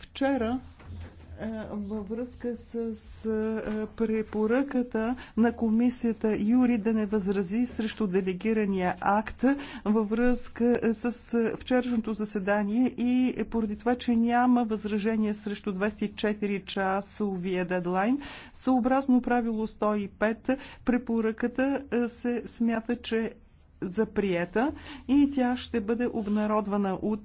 Вчера е, във връзка с е, препоръката на комисията Юри да не възрази срещу делегирания акт във връзка е, с вчерашното заседание и поради това, че няма възражение срещу 24 часовия дедлайн, съобразно правило 105 препоръката се смята, че за приета и тя ще бъде обнародвана от